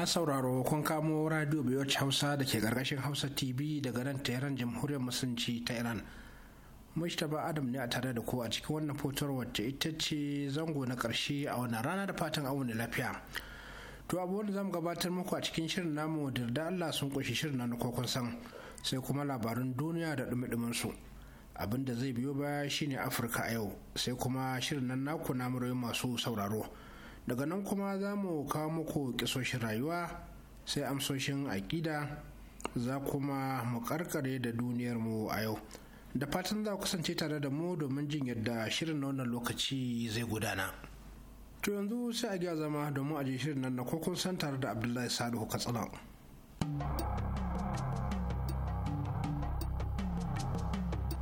masu sauraro kun kamo radio biyoci hausa da ke karkashin hausa tv daga nan tehran jamhuriyar musulunci ta iran ba adam ne a tare da ku a cikin wannan fotar wacce ita ce zango na karshe a wannan rana da fatan auna lafiya to abubuwan da zamu gabatar muku a cikin shirin namu da allah sun kunshi shirin na kun san sai kuma labarun duniya da dumi su abin da zai biyo baya shine afirka a yau sai kuma shirin nan naku na masu sauraro daga nan kuma za mu kawo muku kisoshin rayuwa sai amsoshin aƙida za kuma mu karkare da duniyar mu a yau da fatan za kusance tare da mu domin jin yadda shirin na wannan lokaci zai gudana to yanzu sai a gya zama domin a je shirin nan na kokon santar da abdullahi salihu katsina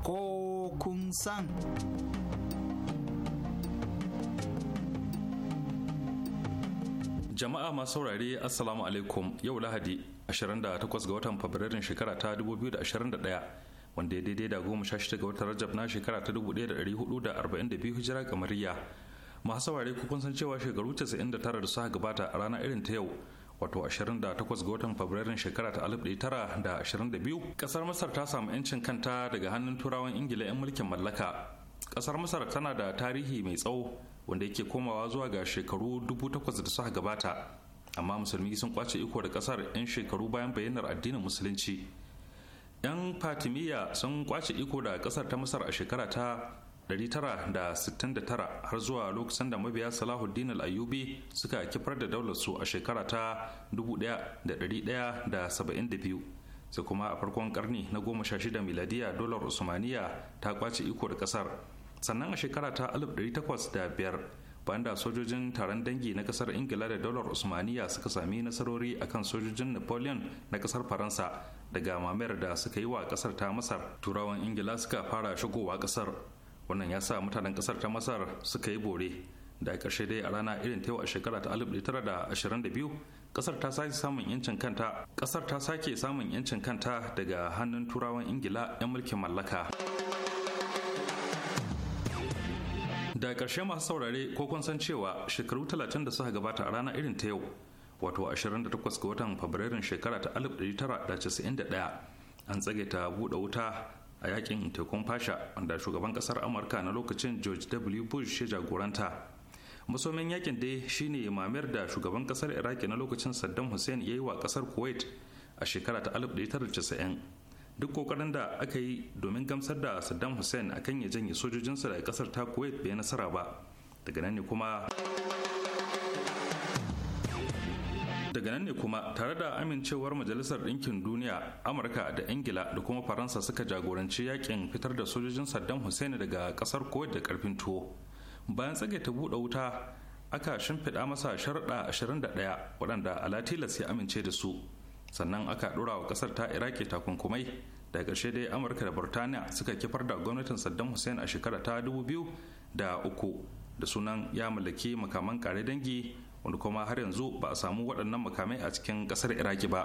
ko kun san. Jama'a masu saurare Assalamu alaikum yau Lahadi 28 ga watan Fabrairun shekara ta 2021 wanda ya daidai da goma sha ga watan Rajab na shekara ta 1442 hijira kamariya. Masu saurare kukun kun san cewa shekaru 99 da suka gabata a rana irin ta yau wato 28 ga watan Fabrairun shekara ta 1922 kasar Masar ta samu 'yancin kanta daga hannun turawan Ingila 'yan mulkin mallaka. Kasar Masar tana da tarihi mai tsawo wanda yake komawa zuwa ga shekaru dubu takwas da suka gabata amma musulmi sun kwace iko da kasar 'yan shekaru bayan bayyanar addinin musulunci 'yan fatimiyya sun kwace iko da kasar ta masar a shekara ta 969 har zuwa lokacin da mabiya salahuddin al-ayyubi suka kifar da daular a shekara ta 1172 sai kuma a farkon karni na goma sha shida miladiya dolar usmaniya ta kwace iko da kasar sannan a shekara ta 1805 bayan da sojojin taron dangi na kasar ingila da daular usmaniya suka sami nasarori akan sojojin napoleon na kasar faransa daga mamayar da suka yi wa kasar ta masar turawan ingila suka fara shigowa kasar wannan ya sa mutanen kasar ta masar suka yi bore da karshe dai a rana irin ta a shekara ta 1922 kasar ta sake samun yancin kanta kasar ta sake samun yancin kanta daga hannun turawan ingila 'yan mulkin mallaka. da ƙarshe masu saurare ko kun san cewa shekaru 30 da suka gabata a rana irin ta yau wato 28 ga watan fabrairun shekara ta 1991 an tsage ta buɗe wuta a yakin tekun fasha wanda shugaban ƙasar amurka na lokacin george w bush shi jagoranta musomin yakin dai shine mamayar da shugaban ƙasar iraki na lokacin saddam hussein ya yi wa ƙasar kuwait a shekara ta 1990 duk kokarin da aka yi domin gamsar da saddam hussein a kan ya janye sojojinsa daga kasar ta kuwait bai nasara ba daga nan ne kuma daga nan ne kuma tare da amincewar majalisar ɗinkin duniya amurka da ingila da kuma faransa suka jagoranci yakin fitar da sojojin saddam hussein daga kasar kuwait da karfin tuwo bayan tsage ta buɗe wuta aka shimfiɗa masa sharaɗa 21 waɗanda alatilas ya amince da su sannan aka ɗora wa ƙasar ta iraki takunkumai da ƙarshe dai amurka da burtaniya suka kifar da gwamnatin saddam hussein a shekara ta dubu biyu da uku da sunan ya mallaki makaman kare dangi wanda kuma har yanzu ba a samu waɗannan makamai a cikin ƙasar iraki ba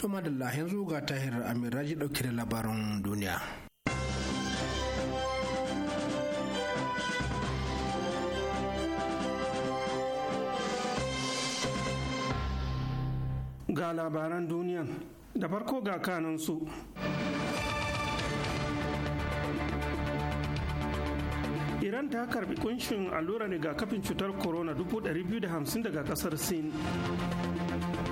To madalla yanzu ga tahir Amir Raji dauke da labaran duniya. Ga labaran duniyan da farko ga kanansu. Iran ta karbi kunshin ga kafin cutar corona 250 daga kasar Sin.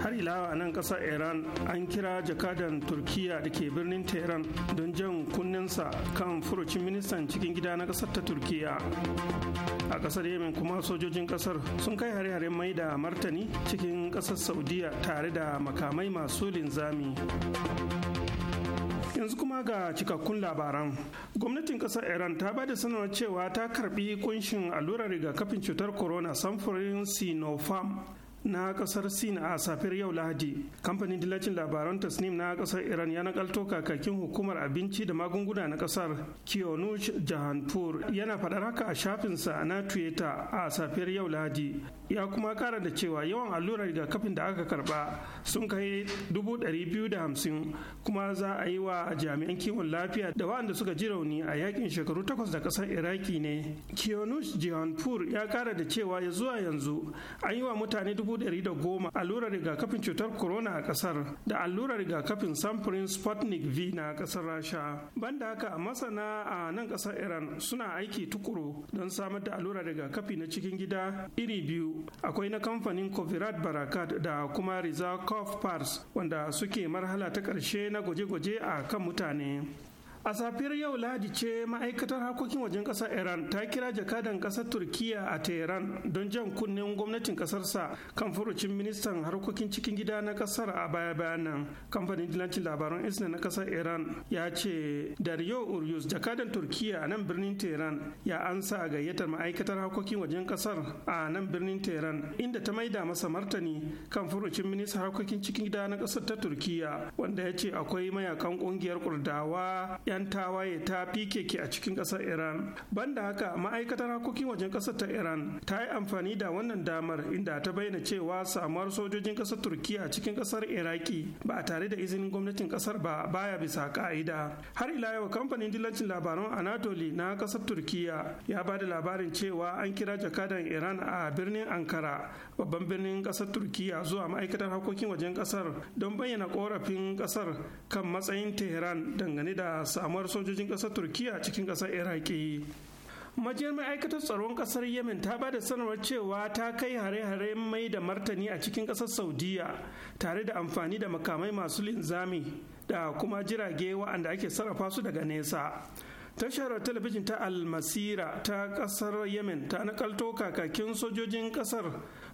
har ila a nan kasar iran an kira jakadan turkiya da ke birnin tehran don jan kunninsa kan furucin ministan cikin gida na kasar ta turkiya a kasar yamin kuma sojojin ƙasar sun kai hare-hare mai da martani cikin kasar saudiya tare da makamai masu linzami yanzu kuma ga cikakkun labaran gwamnatin kasar iran ta bada sanarwar cewa ta karbi kunshin allurar rigakafin cutar corona samfurin sinopharm na kasar sin a safiyar yau lahadi kamfanin dillacin labaran tasnim na kasar iran ya nakalto kakakin hukumar abinci da magunguna na kasar kionush jahanpur yana faɗar haka a shafinsa na twitter a safiyar yau lahadi ya kuma kara da cewa yawan allurar rigakafin da aka karba sun kai dubu biyu da hamsin kuma za a yi wa jami'an kiwon lafiya da waɗanda suka ji rauni a yakin shekaru takwas da kasar iraki ne kionush jahanpur ya kara da cewa ya zuwa yanzu an yi wa mutane dubu 110 allurar rigakafin cutar corona a kasar da allurar rigakafin samfurin sputnik v na kasar rasha banda haka masana a nan kasar iran suna aiki tukuru don samar da allurar rigakafi na cikin gida iri biyu akwai na kamfanin covirat barakat da kuma rizakov pars wanda suke marhala ta ƙarshe na gwaje-gwaje a kan mutane a safiyar yau Ladi ce ma'aikatar harkokin wajen ƙasar iran ta kira jakadan ƙasar Turkiyya a tehran don jan kunnen gwamnatin ƙasarsa kan furucin ministan harkokin cikin gida na ƙasar a baya bayan nan kamfanin dilancin labaran isna na ƙasar iran ya ce dario uryus jakadan Turkiyya a nan birnin tehran ya ansa a gayyatar ma'aikatar harkokin wajen ƙasar a nan birnin tehran inda ta maida masa martani kan furucin ministan harkokin cikin gida na ƙasar ta turkiya wanda ya ce akwai mayakan ƙungiyar kurdawa ya 'yan tawaye ta PKK a cikin ƙasar Iran. Banda haka ma'aikatar harkokin wajen ƙasar ta Iran ta yi amfani da wannan damar inda ta bayyana cewa samuwar sojojin ƙasar Turkiya a cikin ƙasar Iraki ba a tare da izinin gwamnatin ƙasar ba baya bisa ka'ida. Har ila yau kamfanin dillancin labaran Anatoli na ƙasar Turkiya ya ba da labarin cewa an kira jakadan Iran a birnin Ankara babban birnin kasar turkiya zuwa ma'aikatar harkokin wajen kasar don bayyana korafin kasar kan matsayin tehran dangane da samuwar sojojin kasar turkiya cikin kasar iraki majiyar ma'aikatar tsaron kasar yemen ta ba da sanarwar cewa ta kai hare-hare mai da martani a cikin kasar saudiya tare da amfani da makamai masu linzami da kuma jirage waɗanda ake sarrafa su daga nesa tashar talabijin ta almasira ta kasar yemen ta nakalto kakakin sojojin kasar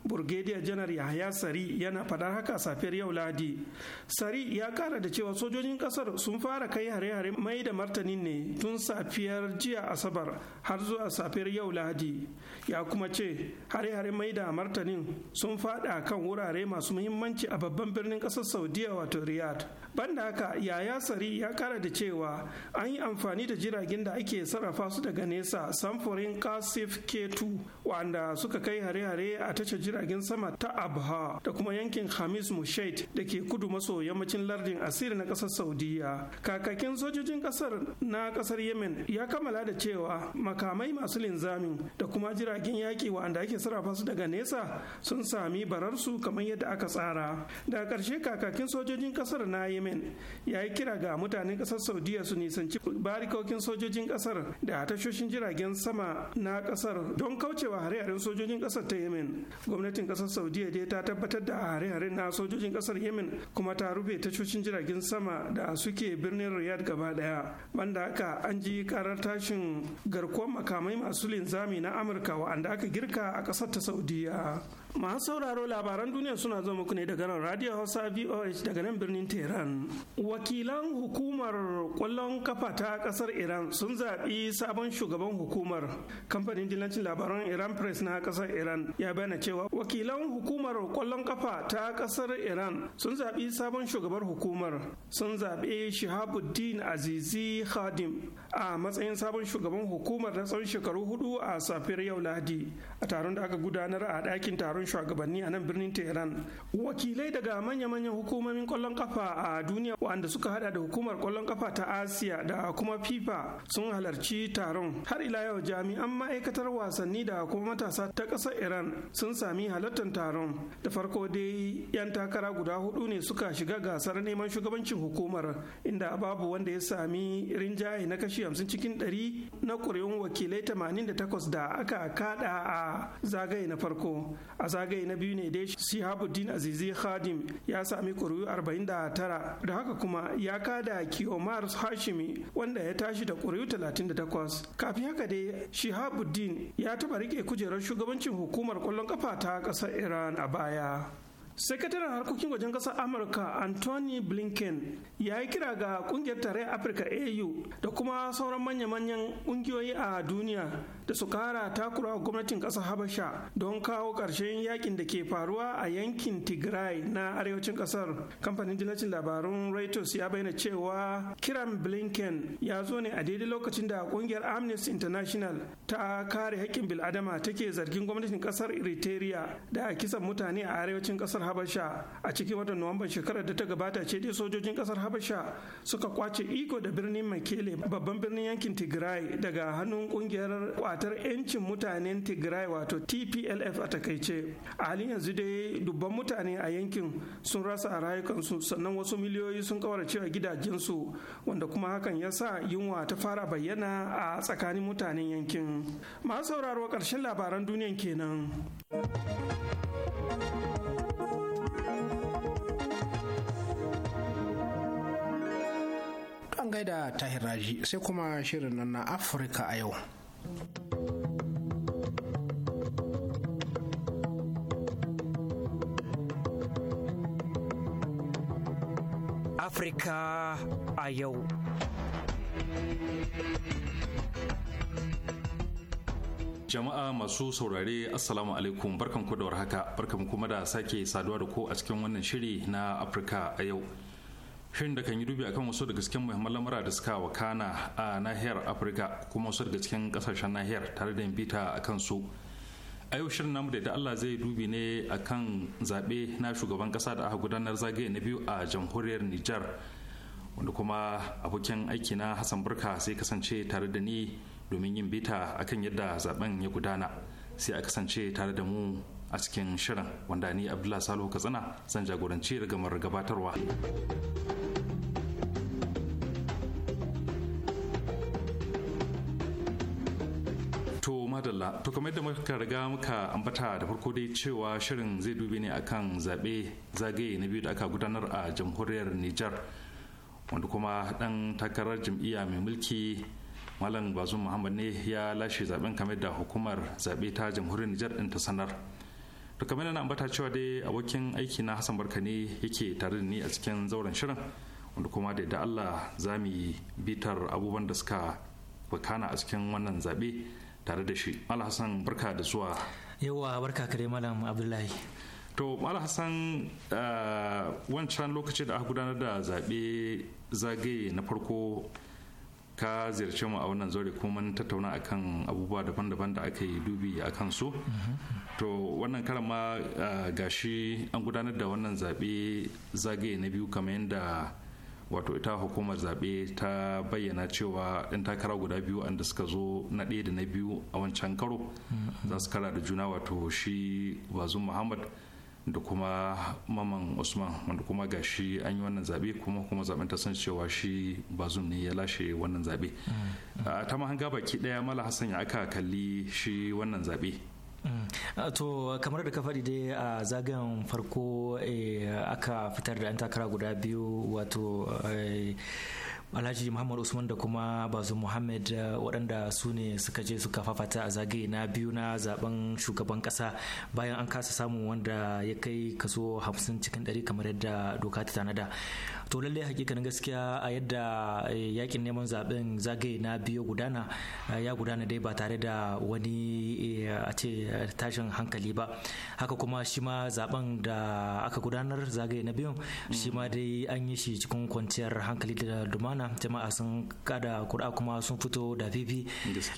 Burgediya janar Yahaya Sari yana faɗar haka safiyar yau Ladi Sari ya ƙara da cewa sojojin ƙasar sun fara kai hare-hare mai da martanin ne tun safiyar jiya Asabar har zuwa safiyar yau Ladi Ya kuma ce hare-hare mai da martanin sun fada kan wurare masu muhimmanci a babban birnin ƙasar Saudiya wato Riyadh. banda haka yaya sari ya kara da cewa an yi amfani da jiragen da ake sarrafa su daga nesa samfurin kasif k2 wanda suka kai hare-hare a tashar jiragen sama ta abha da kuma yankin hamis mushaid da ke kudu maso yammacin lardin asiri na kasar saudiya kakakin sojojin kasar na kasar yemen ya kammala da cewa makamai masu linzamin da kuma jiragen yaki wanda ake sarrafa su daga nesa sun sami bararsu kamar yadda aka tsara da ƙarshe kakakin sojojin kasar na yemen yemen ya yi kira ga mutanen kasar saudiya su nisanci barikokin sojojin kasar da tashoshin jiragen sama na kasar don kaucewa hare-haren sojojin kasar ta yemen gwamnatin kasar saudiya dai ta tabbatar da hare haren na sojojin kasar yemen kuma ta rufe tashoshin jiragen sama da suke birnin riyadh gaba daya banda haka an ji karar tashin garkuwar makamai masu linzami na amurka wa'anda aka girka a kasar ta saudiya masu sauraro labaran duniya suna zo muku ne daga nan radio hausa voh daga nan birnin tehran wakilan hukumar kwallon kafa ta kasar iran sun zaɓi sabon shugaban hukumar kamfanin dillancin labaran iran press na kasar iran ya bayyana cewa wakilan hukumar kwallon kafa ta kasar iran sun zaɓi sabon shugabar hukumar sun zaɓi shihabuddin azizi khadim a matsayin sabon shugaban hukumar na tsawon shekaru hudu a safiyar yau lahadi a taron da aka gudanar a ɗakin taron shugabanni a nan birnin tehran wakilai daga manya-manyan hukumomin kwallon kafa a duniya wanda suka hada da hukumar kwallon kafa ta asiya da kuma fifa sun halarci taron har ila yau jami'an ma'aikatar wasanni da kuma matasa ta ƙasar iran sun sami halartar taron da farko dai 'yan takara guda hudu ne suka shiga gasar neman shugabancin hukumar inda babu wanda ya sami rinjaye na kashi 50 cikin 100 na ƙuri'un wakilai 88 da aka kada a zagaye na farko a zagaye na biyu ne dai shihabuddin azizi khadim ya sami ƙuri'u 49 da haka kuma ya kada kiyomar hashimi wanda ya tashi da ƙuri'u 38 kafin haka dai shihabuddin ya taɓa rike kujerar shugabancin hukumar ƙwallon ƙafa ta ƙasar iran a baya Sakataren harkokin wajen ƙasar Amurka Anthony Blinken ya yi kira ga kungiyar tarayyar Afirka AU da kuma sauran manya-manyan ƙungiyoyi a duniya da su kara takura gwamnatin ƙasar Habasha don kawo ƙarshen yakin da ke faruwa a yankin Tigray na arewacin ƙasar. Kamfanin dillacin labarun Reuters ya bayyana cewa kiran Blinken ya zo ne a daidai lokacin da ƙungiyar Amnesty International ta kare haƙƙin bil'adama take zargin gwamnatin ƙasar Eritrea da kisan mutane a arewacin ƙasar habasha a cikin watan nuwamban shekarar da ta gabata ce dai sojojin kasar habasha suka kwace iko da birnin makele babban birnin yankin tigray daga hannun kungiyar kwatar yancin mutanen tigray wato tplf a takaice a halin yanzu dai dubban mutane a yankin sun rasa a rayukansu sannan wasu miliyoyi sun kawarcewa gidajensu wanda kuma hakan ya sa yunwa ta fara bayyana a tsakanin mutanen yankin masu sauraro karshen labaran duniyan kenan an gaida tahir raji sai kuma shirin nan na afirka a yau Afirka a yau. Jama'a masu saurare Assalamu alaikum barkanku da warhaka barkanku kuma da sake saduwa da ku a cikin wannan shiri na Afirka a yau. shirin da kan yi dubi akan wasu daga cikin muhimman lamura da suka wakana a nahiyar afirka kuma wasu daga cikin kasashen nahiyar tare da bita a kan su a yau shirin namu da da allah zai dubi ne akan zaɓe na shugaban ƙasa da aka gudanar zagaye na biyu a jamhuriyar nijar wanda kuma abokin aiki na hassan burka sai kasance tare da ni domin yin bita akan yadda zaben ya gudana sai a kasance tare da mu a cikin shirin wanda ni abdullah salo katsina zan jagoranci rigamar gabatarwa madalla to kamar yadda muka riga muka ambata da farko dai cewa shirin zai dube ne akan zaɓe zagaye na biyu da aka gudanar a jamhuriyar niger wanda kuma dan takarar jam'iyya mai mulki Malam Bazum Muhammad ne ya lashe zaben kamar da hukumar zaɓe ta jamhuriyar niger ɗin ta sanar. to kamar na ambata cewa dai abokin aiki na hassan barka ne yake tare da ni a cikin zauren shirin wanda kuma da da allah za mu yi bitar abubuwan da suka bukana a cikin wannan zaɓe tare da shi malam hassan barka da zuwa yawa barka kare malam abdullahi to malam hassan ah, wancan lokaci da aka gudanar da zaɓe zagaye na farko ka ziyarci mu a wannan zaure kuma mun tattauna akan abubuwa daban-daban da aka yi dubi a kan su to wannan karan ma gashi an gudanar da wannan zaɓe zagaye na biyu kamar yadda wato ita hukumar zaɓe ta bayyana cewa ɗan takara guda biyu da suka zo na ɗaya da na biyu a wancan karo za su kara da juna wato shi wazun muhammad da kuma maman usman wanda kuma gashi an yi wannan zabe kuma kuma zaben ta san cewa shi ba bazum ne ya lashe wannan zabe mm. ta mahanga baki ɗaya mala hassan ya aka kalli shi wannan zabe. Mm. to kamar da ka faɗi dai a zagayen farko eh, aka fitar da 'yan takara guda biyu wato eh, alhaji muhammad usman da kuma bazu muhammad eh, waɗanda su ne suka je suka fafata a zagaye na biyu na zaben shugaban ƙasa bayan an kasa samun wanda ya kai kaso 50 cikin ɗari kamar yadda doka ta tanada to lallai hakikanin gaskiya a yadda eh, yakin neman zaben zagaye na biyu gudana eh, ya gudana dai ba tare da wani eh, a ce tashin hankali ba haka kuma shi ma zaben da aka gudanar zagaye na biyu shi ma dai an yi shi cikin kwanciyar hankali da dumana jama'a sun kada kura kuma sun fito da fifi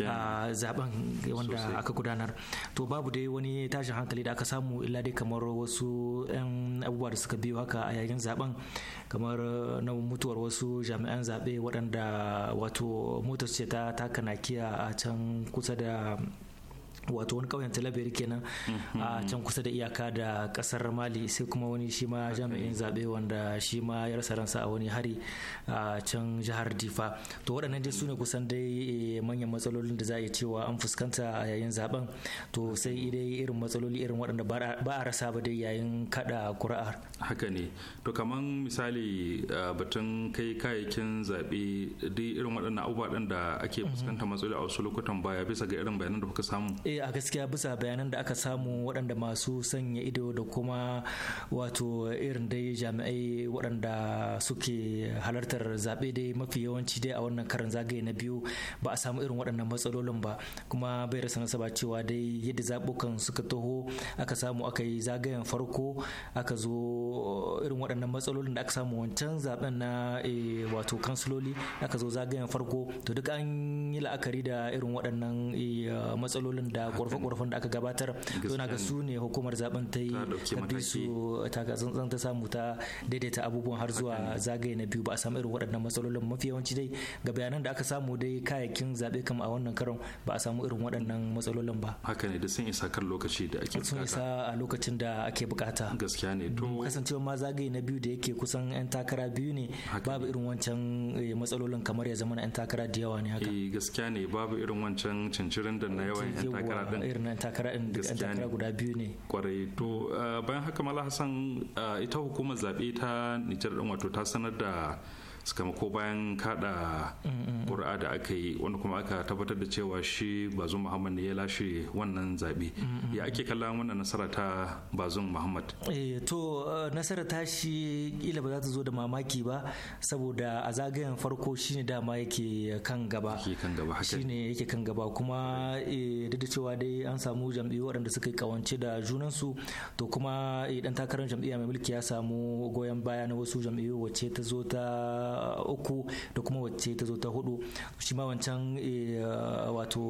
a zaben wanda aka gudanar to babu dai wani tashin hankali da aka samu illa dai kamar wasu 'yan abubuwa da suka biyo haka a yayin zaben kamar kamar eh, na mutuwar wasu jami'an zaɓe waɗanda wato motar ce ta taka a can kusa da wato wani ƙauyen talabiri kenan mhm. a can kusa da iyaka da ƙasar mali sai kuma wani shi ma jami'in zaɓe wanda shi ma ya rasa ransa a wani hari a can jihar difa to waɗannan dai su ne kusan dai eh, manyan matsalolin da za a yi cewa an fuskanta a yayin zaben to sai dai irin matsaloli irin waɗanda ba a rasa ba dai yayin kaɗa ƙuri'ar. haka ne to kamar misali batun kai kayayyakin zaɓe dai irin waɗannan abubuwa da ake mhm. fuskanta matsaloli a wasu lokutan baya bisa ga irin bayanan da kuka samu eh, a gaskiya bisa bayanan da aka samu waɗanda masu sanya ido da kuma wato irin dai jami'ai waɗanda suke halartar zaɓe dai mafi yawanci dai a wannan karin zagaye na biyu ba a samu irin waɗannan matsalolin ba kuma bai rasa nasaba cewa dai yadda zaɓukan suka taho aka samu aka yi zagayen farko aka zo eh, irin waɗannan matsalolin da aka samu wancan zaɓen na eh, wato kansuloli aka zo zagayen farko to duk an yi la'akari da irin waɗannan eh, matsalolin da da ƙorafe da aka gabatar suna ga su ne hukumar zaben ta yi ta su ta tsantsan ta samu ta daidaita abubuwan har zuwa zagaye na biyu ba a samu irin waɗannan matsalolin mafi yawanci dai ga bayanan da aka samu dai kayayyakin zaɓe kam a wannan karon ba a samu irin waɗannan matsalolin ba haka ne da sun isa kan lokaci da ake bukata sun isa a lokacin da ake bukata gaskiya ne to kasancewa ma zagaye na biyu da yake kusan yan takara biyu ne babu irin wancan eh, matsalolin kamar ya zama na yan takara da yawa ne haka eh, gaskiya ne babu irin wancan cincirin da na yawan yan takara takara din irin nan takara din takara guda biyu ne kwarai to eh, bayan haka mala hassan eh, ita hukumar zabe ta Nijar din wato ta sanar da ko bayan kada ƙuri'a da aka yi wanda kuma aka tabbatar da cewa shi bazum muhammad ne ya lashe wannan zaɓe ya ake kallon wannan nasara ta bazum muhammad eh to eh, nasara ta shi kila ba za ta zo da mamaki ba saboda a zagayen farko shine dama yake kan gaba shine yake kan gaba kuma eh, duk da cewa dai an samu jam'iyyu waɗanda suka yi kawance da junansu to kuma dan eh, takarar jam'iyya mai mulki ya samu goyon baya na wasu jam'iyyu wacce ta zo ta uku da kuma wacce ta zo ta hudu shi ma wancan eh, wato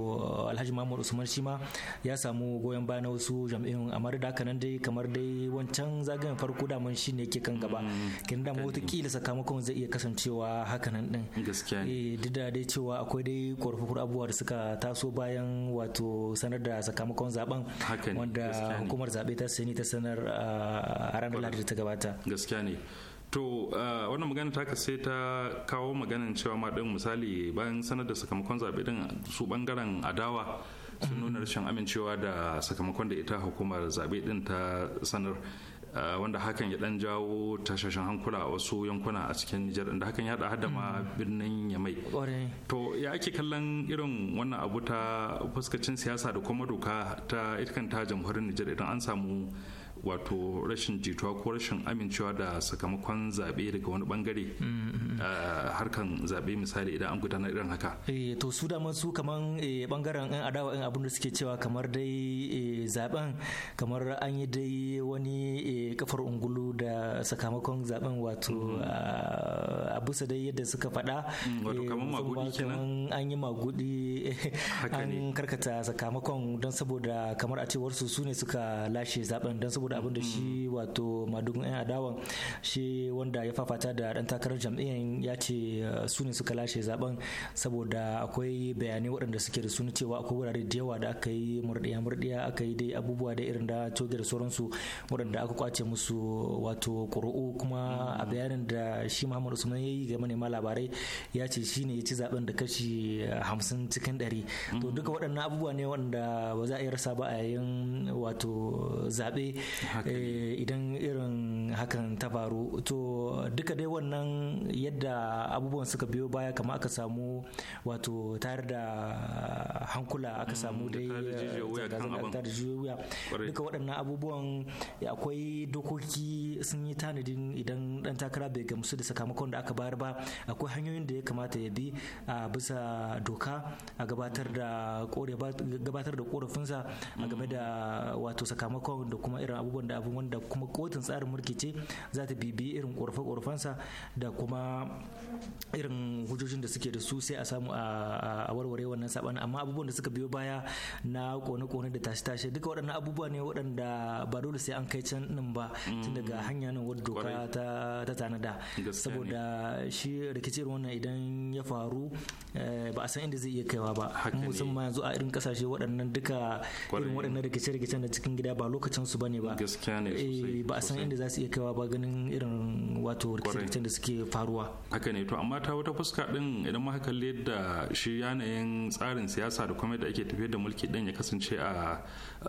alhaji mahmud usman shi ma ya samu goyon baya na wasu jam'iyyun amma da haka nan dai kamar dai wancan zagayen farko daman shi ne yake kan gaba mm, kin da mota kila sakamakon zai iya kasancewa haka nan din gaskiya ne eh, duk da dai cewa akwai dai korafin abubuwa da suka taso bayan wato sanar da sakamakon zaben wanda hukumar zabe ta sani ta sanar ah, a ranar da ta gabata gaskiya ne to wannan magana ta sai ta kawo maganin cewa ma din misali bayan sanar da sakamakon zaɓe din su bangaren adawa sun nuna rashin amincewa da sakamakon da ita hukumar zaɓe din ta sanar wanda hakan ya ɗan jawo tashashen hankula a wasu yankuna a cikin Nijar da hakan ya da hada ma mm. birnin Yamai. To ya ake kallon irin wannan abu ta fuskacin siyasa da kuma doka ta ita ta jamhuriyar Nijar idan an samu wato rashin jituwa ko rashin amincewa da sakamakon zaɓe daga wani bangare mm-hmm. harkan zaɓe misali idan an gudanar irin haka eh, to su da su kaman bangaren eh, yan adawa yan abin da suke cewa kamar dai eh, zaben kamar an yi dai wani kafar ungulu da sakamakon zaben wato mm-hmm. a bisa dai yadda suka faɗa mm, wato kamar magudi kenan an yi magudi an karkata sakamakon don saboda kamar a cewar su su ne suka lashe zaben don saboda da abin da shi mm. wato madugun yan adawan shi wanda ya fafata da dan takarar jam'iyyar ya ce uh, su ne suka lashe zaben saboda akwai bayanai waɗanda suke da suna cewa akwai wurare da yawa da aka yi murɗiya murɗiya aka yi dai abubuwa da irin da coge da sauransu waɗanda aka kwace musu wato ƙuru'u kuma a mm. bayanin da shi Muhammad Usman ya yi ga manema labarai ya ce shi ne ya ci zaben da kashi hamsin cikin ɗari to mm. duka waɗannan abubuwa ne wanda ba za a iya rasa ba a yayin wato zaɓe Eh, idan irin hakan ta faru to duka dai wannan yadda abubuwan suka biyo baya kama aka samu wato tayar da hankula aka mm, samu dai eh, zanga-zanga duka waɗannan abubuwan eh, akwai dokoki sun yi tanadin idan ɗan takara bai gamsu da sakamakon da aka bayar ba akwai hanyoyin da ya kamata ya bi a bisa doka a gabatar da korafinsa a game mm. da wato sakamakon da kuma irin abubuwan da abin wanda kuma kotun tsarin mulki ce za ta bibiyi irin ƙorafe-ƙorafensa da kuma irin hujjojin da suke da su sai a samu a warware wannan sabanin amma abubuwan da suka biyo baya na kone-kone da tashe-tashe duka waɗannan abubuwa ne waɗanda ba dole sai an kai can nan ba tun daga mm. hanya nan wadda doka ta tanada saboda shi rikicin wannan idan ya faru eh, ba a san inda zai iya kaiwa ba musamman yanzu a irin kasashe waɗannan duka irin waɗannan rikice-rikicen da cikin gida ba lokacin su bane ba gaskiya ne eh, ba a san inda za su iya kaiwa ba ganin irin wato rikice da suke faruwa haka ne to amma ta wata fuska din idan ma haka da shi yanayin tsarin siyasa da kuma da ake tafiyar da mulki din ya kasance a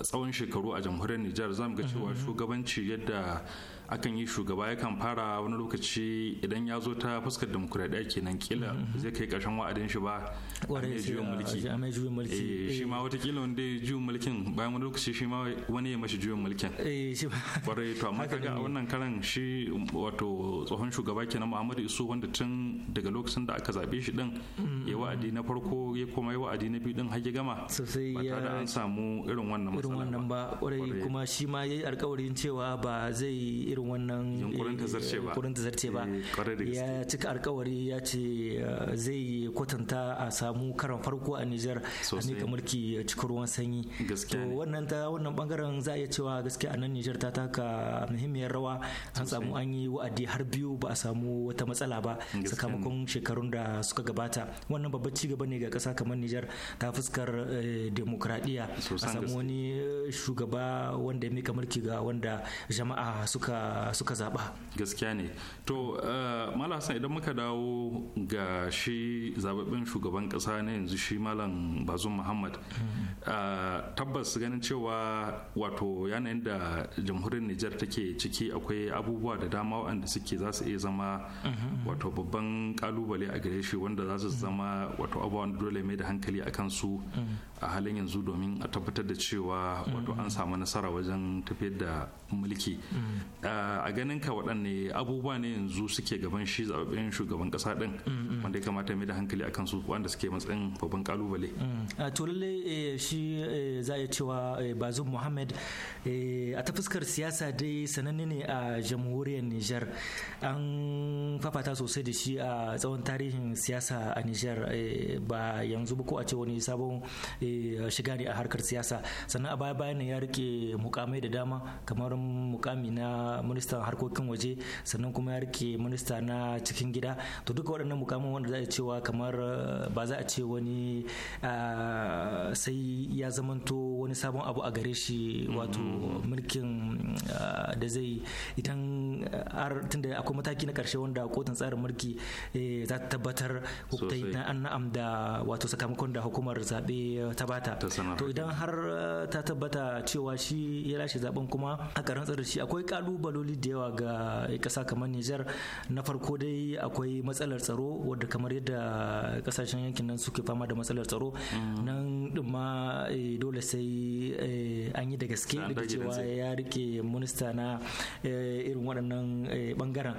tsawon shekaru a jamhuriyar Nijar zamu ga mhm, cewa mhm. shugabanci yadda akan yi shugaba yakan fara wani lokaci idan ya zo ta fuskar demokuraɗiyya kenan kila mm-hmm. zai kai ƙarshen wa'adin shi ba a mai juyin mulki eh, shi ma watakila wanda ya juyin mulkin bayan wani lokaci shi ma wani ya mashi juyin mulkin kwarai eh, to amma kaga a wannan karan shi wato tsohon shugaba kenan muhammadu isu wanda tun daga lokacin da aka zaɓe shi din ya mm-hmm. wa'adi na farko ya koma ya wa'adi na biyu din har ya gama sosai ya da an samu irin wannan matsala ba kwarai kuma shi ma ya yi alkawarin cewa ba zai irin wannan yunkurin ta zarce ba eh, ya cika alkawari ya ce eh, zai kwatanta a samu karan farko a Nijar a mika mulki cikin ruwan sanyi to wannan ta wannan bangaren za a iya cewa gaskiya a nan Nijar ta taka muhimmiyar rawa an samu an yi wa'adi har biyu ba a samu wata matsala ba sakamakon shekarun da suka gabata wannan babban ci gaba ne ga kasa kamar Nijar ta fuskar eh, demokradiya a samu wani shugaba wanda ya mika mulki ga wanda jama'a suka suka zaba gaskiya ne to eh, malam hassan idan muka dawo ga shi zababin shugaban kasa na yanzu shi malam bazum muhammad hmm. eh, tabbas ganin cewa wato yanayin da jamhuriyar nijar take ciki akwai abubuwa da dama wanda suke za su iya zama hmm. wato babban kalubale a gare shi wanda za su hmm. zama wato abubuwan dole mai da hankali a kansu a halin yanzu domin a tabbatar da cewa wato an samu nasara wajen tafiyar da mulki mm. ah, a ganin ka waɗanne abubuwa ne yanzu suke gaban shi zaɓen shugaban ƙasa ɗin mm, mm. wanda ya kamata mai da hankali akan su wanda suke matsayin babban kalubale ah, to lalle eh, shi eh, za a cewa eh, bazum muhammad a ta fuskar siyasa dai sananne ne a jamhuriyar niger an fafata sosai da shi a tsawon tarihin siyasa a niger ba yanzu ba ko a ce wani sabon shiga ne a harkar siyasa sannan a baya bayan ya rike mukamai da dama kamar wannan mukami na ministan harkokin waje sannan kuma ya rike minista na cikin gida to duka waɗannan mukamin wanda za a cewa kamar eh, ba za a ce wani eh, sai ya zamanto wani sabon abu a gare shi wato mm-hmm. mulkin eh, da zai idan tunda akwai mataki na karshe wanda kotun tsarin mulki za ta tabbatar ko an na'am da wato sakamakon da hukumar zaɓe ta bata to idan har ta tabbata cewa shi ya lashe zaben kuma aka rantsar da shi akwai kalubaloli da yawa ga ƙasa kamar Nijar na farko dai akwai matsalar tsaro wadda kamar yadda kasashen yankin nan suke fama da matsalar tsaro mm. nan din ma eh, dole sai eh, an yi da gaske da cewa ya rike minista na eh, irin waɗannan bangaren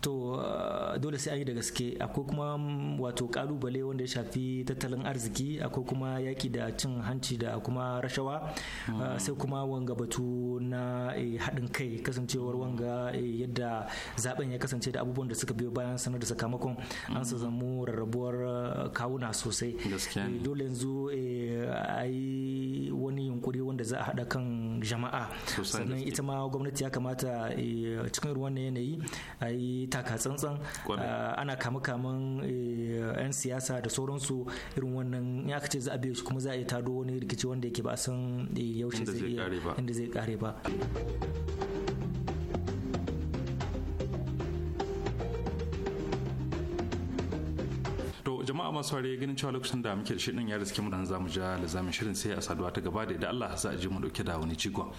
to eh, dole sai an yi da gaske akwai kuma mm, wato kalubale wanda ya shafi tattalin arziki akwai kuma yaki da cin hanci da kuma rashawa eh, hmm. sai kuma wanga batu na eh, haɗin kai kasancewar wanga yadda zaben ya kasance da abubuwan da suka biyo bayan sanar da sakamakon an hmm. su zamu rarrabuwar kawuna sosai dole yanzu a wani yunkuri wanda za a haɗa kan jama'a sannan ita ma gwamnati ya kamata cikin ruwan yanayi a taka tsantsan ah, ana kama kaman eh, yan siyasa da sauransu irin wannan ya ce za a biyo shi kuma za a iya tado wani rikici wanda yake ba san eh, yaushe zai inda zai kare ba jama'a masu ware ganin cewa lokacin da muke da shi din ya riske mu dan zamu ja lazamin shirin sai a saduwa ta gaba da idan Allah za a je mu dauke da wani cikon.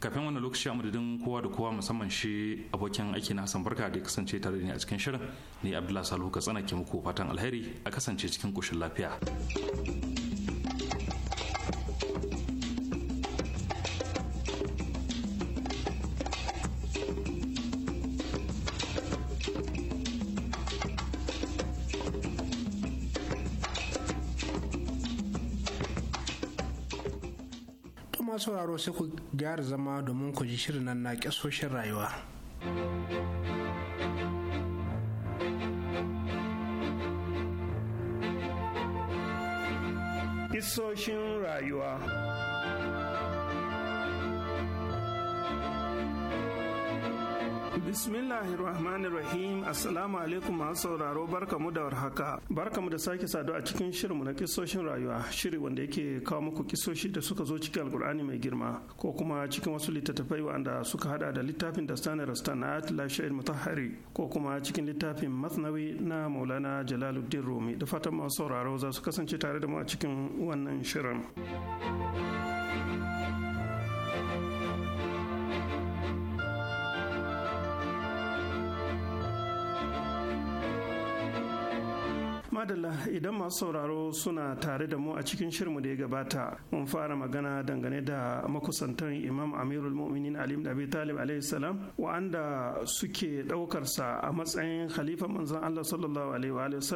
kafin wannan lokaci a madadin kowa da kowa musamman shi abokin aiki na Hassan Barka da ya kasance tare da ni a cikin shirin ni Abdullahi Salihu ka tsana ke muku fatan alheri a kasance cikin koshin lafiya. sauraro sai ku gyara zama domin ku ji shirin nan na kyasoshin rayuwa. Isoshin rayuwa Bismillahirrahmanirrahim Assalamu alaikum masu sauraro barkamu da warhaka. mu da sake sadu a cikin shirinmu na kisoshin rayuwa, shiri wanda yake kawo muku kisoshi da suka zo cikin Alkur'ani mai girma ko kuma cikin wasu littattafai wanda suka hada da littafin da Stanley na Atila Shahid Mutahari ko kuma cikin littafin Masnawi na Maulana Jalaluddin Rumi da fatan masu sauraro za su kasance tare da mu a cikin wannan shirin. madalla idan masu sauraro suna tare da mu a cikin shirmu da ya gabata mun fara magana dangane da makusantan imam amirul mu'minin ali da abi talib salam wa'anda suke ɗaukarsa a matsayin khalifa manzon allah sallallahu alaihi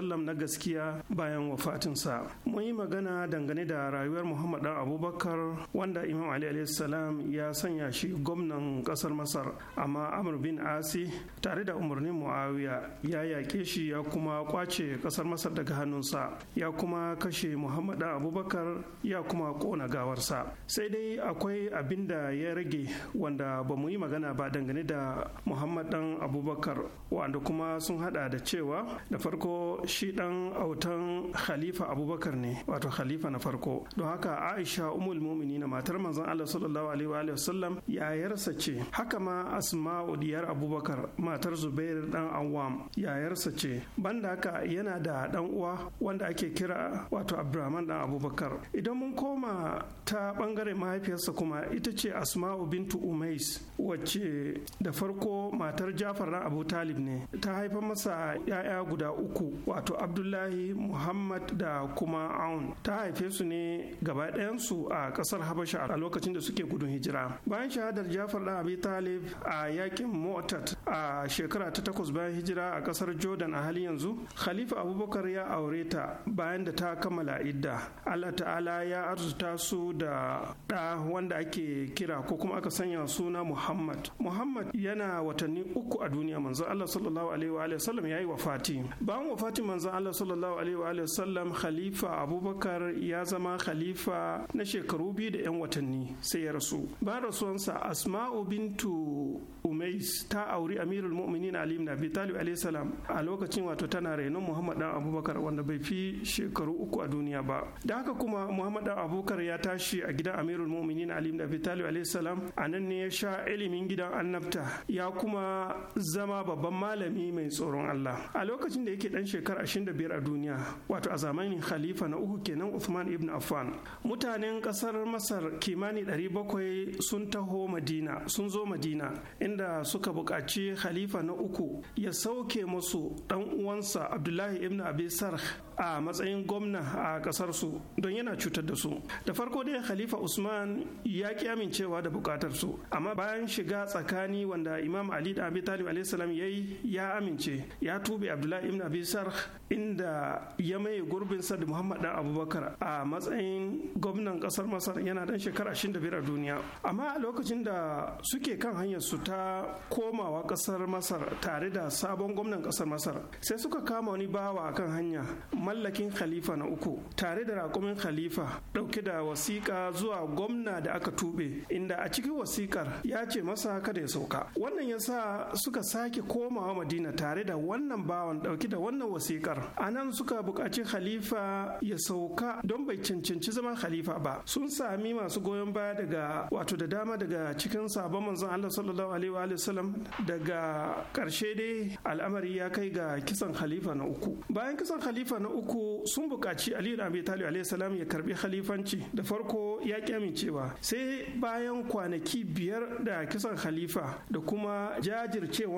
wa na gaskiya bayan wafatinsa mun yi magana dangane da rayuwar muhammad dan abubakar wanda imam ali salam ya sanya shi gwamnan kasar masar amma amr bin asi tare da umarnin muawiya ya yaƙe shi ya kuma kwace kasar masar kasar daga hannunsa ya kuma kashe muhammad abubakar ya kuma kona gawarsa sai dai akwai abin da ya rage wanda ba mu yi magana ba dangane da muhammad abubakar wanda kuma sun hada da cewa da farko shi dan autan khalifa abubakar ne wato khalifa na farko don haka aisha umul mumini na matar manzon allah sallallahu alaihi wa sallam yayarsa ce haka ma asma'u diyar abubakar matar zubair dan awam yayarsa ce banda haka yana da dan uwa wanda ake kira wato abdulrahman dan abubakar idan mun koma ta bangare mahaifiyarsa kuma ita ce asma'u bintu umais wacce da farko matar jafar na abu talib ne ta haifa masa ya'ya guda uku wato abdullahi muhammad da kuma aun ta haife su ne gaba ɗayansu a ƙasar habasha a lokacin da suke gudun hijira bayan shahadar jafar na abu talib a yakin motat a shekara ta takwas bayan hijira a ƙasar jordan a hali yanzu khalifa abubakar ya aure ta bayan da ta kammala idda Allah ta'ala ya arzuta su da ɗa wanda ake kira ko kuma aka sanya suna Muhammad Muhammad yana watanni uku a duniya manzo Allah sallallahu alaihi wa sallam yayi wafati bayan wafati manzo Allah sallallahu alaihi wa sallam khalifa Abubakar ya zama khalifa na shekaru biyu da 'yan watanni sai ya rasu Ba rasuwansa Asma'u bintu Umais ta auri Amirul Mu'minin Ali ibn Abi Talib alaihi salam a lokacin wato tana renon Muhammad dan Abubakar abubakar wanda bai fi shekaru uku a duniya ba da haka kuma muhammad abubakar ya tashi a gidan amirul mu'minin ali ibn abi talib alayhi salam a nan ne ya sha ilimin gidan annabta ya kuma zama babban malami mai tsoron Allah a lokacin da yake dan shekara 25 a duniya wato a zamanin khalifa na uku kenan Uthman ibn Affan mutanen kasar Masar kimani 700 sun taho Madina sun zo Madina inda suka buƙaci khalifa na uku ya sauke musu ɗan uwansa Abdullahi ibn Abi sarh a matsayin gwamna a ƙasarsu don yana cutar da su da farko dai khalifa usman ya ki amincewa da buƙatar su amma bayan shiga tsakani wanda imam ali da abi talib alayhi ya yi ya amince ya tubi abdullahi ibn abi sarh inda ya maye gurbin sa da muhammad dan abubakar a matsayin gwamnan kasar masar yana dan shekara 25 a duniya amma a lokacin da suke kan hanyar su ta komawa kasar masar tare da sabon gwamnan kasar masar sai suka kama wani bawa akan hanya mallakin khalifa na uku tare da raƙumin khalifa ɗauke da wasiƙa zuwa gwamna da aka tuɓe inda a cikin wasiƙar ya ce masa kada ya sauka wannan ya sa suka sake komawa madina tare da wannan bawan ɗauke da wannan wasiƙar a nan suka buƙaci khalifa ya sauka don bai cancanci zama khalifa ba sun sami masu goyon baya daga wato da dama daga cikin sabon manzon Allah sallallahu alaihi wa sallam daga ƙarshe dai al'amari ya kai ga kisan khalifa na uku bayan kisan khalifa na uku sun buƙaci Ali da Abi Talib alayhi salam ya karbi khalifanci da farko ya ki amincewa sai bayan kwanaki biyar da kisan khalifa da kuma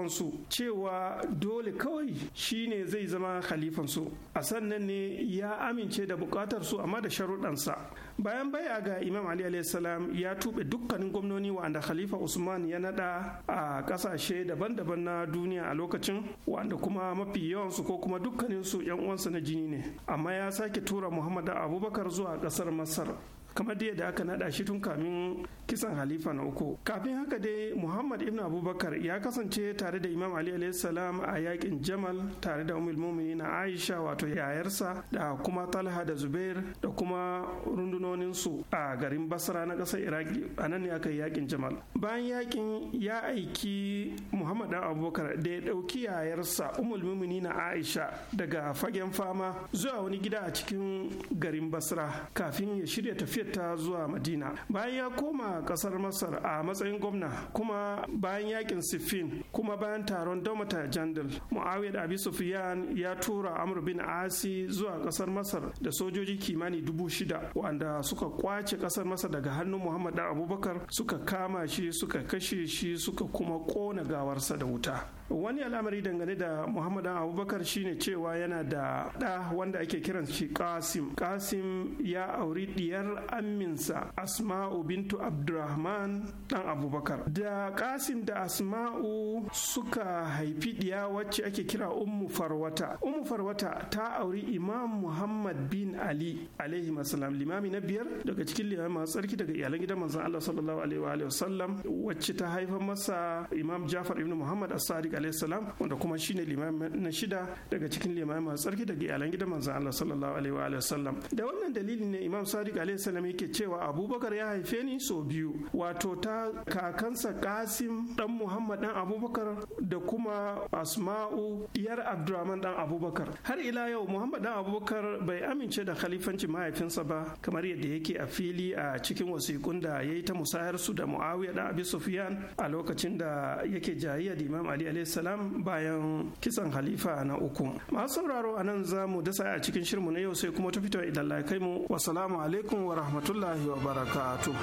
su cewa dole kawai shine zai zama khalifan su a sannan ne ya amince da buƙatar su amma da sharuɗansa bayan baya ga imam ali salam ya tuɓe dukkanin gwamnoni wa'anda khalifa usman ya naɗa a ƙasashe daban-daban na duniya a lokacin wa'anda kuma mafi yawansu ko kuma dukkaninsu 'yan uwansa na jini ne amma ya sake tura Muhammadu abubakar zuwa ƙasar masar kamar da yadda aka nada shi tun kamin kisan halifa na uku kafin haka dai muhammad ibn abubakar ya kasance tare da imam ali salam a yakin jamal tare da umul na aisha wato yayarsa da kuma talha da zubair da kuma rundunoninsu a garin basra na ƙasar iraki a nan ne aka yi yakin jamal bayan yakin ya aiki muhammad dan abubakar da ya ɗauki yayarsa umul na aisha daga fagen fama zuwa wani gida a cikin garin basra kafin ya shirya tafiya ta zuwa madina bayan ya koma kasar masar a matsayin gwamna kuma bayan yakin siffin kuma bayan taron daumata jandal muawiyar abi sufiyan ya tura amur bin asi zuwa kasar masar da sojoji kimani dubu shida wanda suka kwace kasar masar daga hannun muhammad abubakar suka kama shi suka kashe shi suka kuma kona gawarsa da wuta wani al'amari dangane da muhammad abubakar shine cewa yana da ɗa wanda ake kiran shi kasim kasim ya auri diyar aminsa asma'u bintu abdurrahman dan abubakar da kasim da asma'u suka haifi diya wacce ake kira ummu farwata ummu farwata ta auri imam muhammad bin ali alaihi masalam limami na biyar daga cikin limami masu tsarki daga iyalan gidan manzon allah sallallahu alaihi wa sallam wacce ta haifa masa imam jafar ibn muhammad as alaihissalam wanda kuma shine limami na shida daga cikin limamin masu tsarki daga iyalan gidan manzon Allah sallallahu alaihi wa sallam da wannan dalilin ne imam sadiq alaihissalam yake cewa abubakar ya haife ni so biyu wato ta kakansa kasim dan muhammad dan abubakar da kuma asma'u diyar abdurrahman dan abubakar har ila yau muhammad dan abubakar bai amince da khalifanci mahaifinsa ba kamar yadda yake a fili a cikin wasiƙun da ya yi ta musayar su da muawiya dan abi sufyan a lokacin da yake jayayya da imam ali alaihi salam bayan kisan halifa na uku masu sauraro a nan za mu dasa a cikin shirmu na yau sai kuma ta fito idan la kai mu wasalamu alaikum wa rahmatullahi wa barakatu.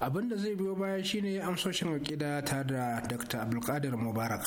abin da zai biyo baya shine amsoshin aƙida tare da dr abdulkadir mubarak